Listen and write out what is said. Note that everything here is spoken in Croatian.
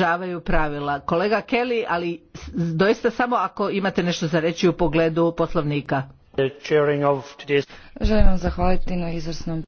pridržavaju pravila. Kolega Kelly, ali doista samo ako imate nešto za reći u pogledu poslovnika. Želim vam zahvaliti na izvrsnom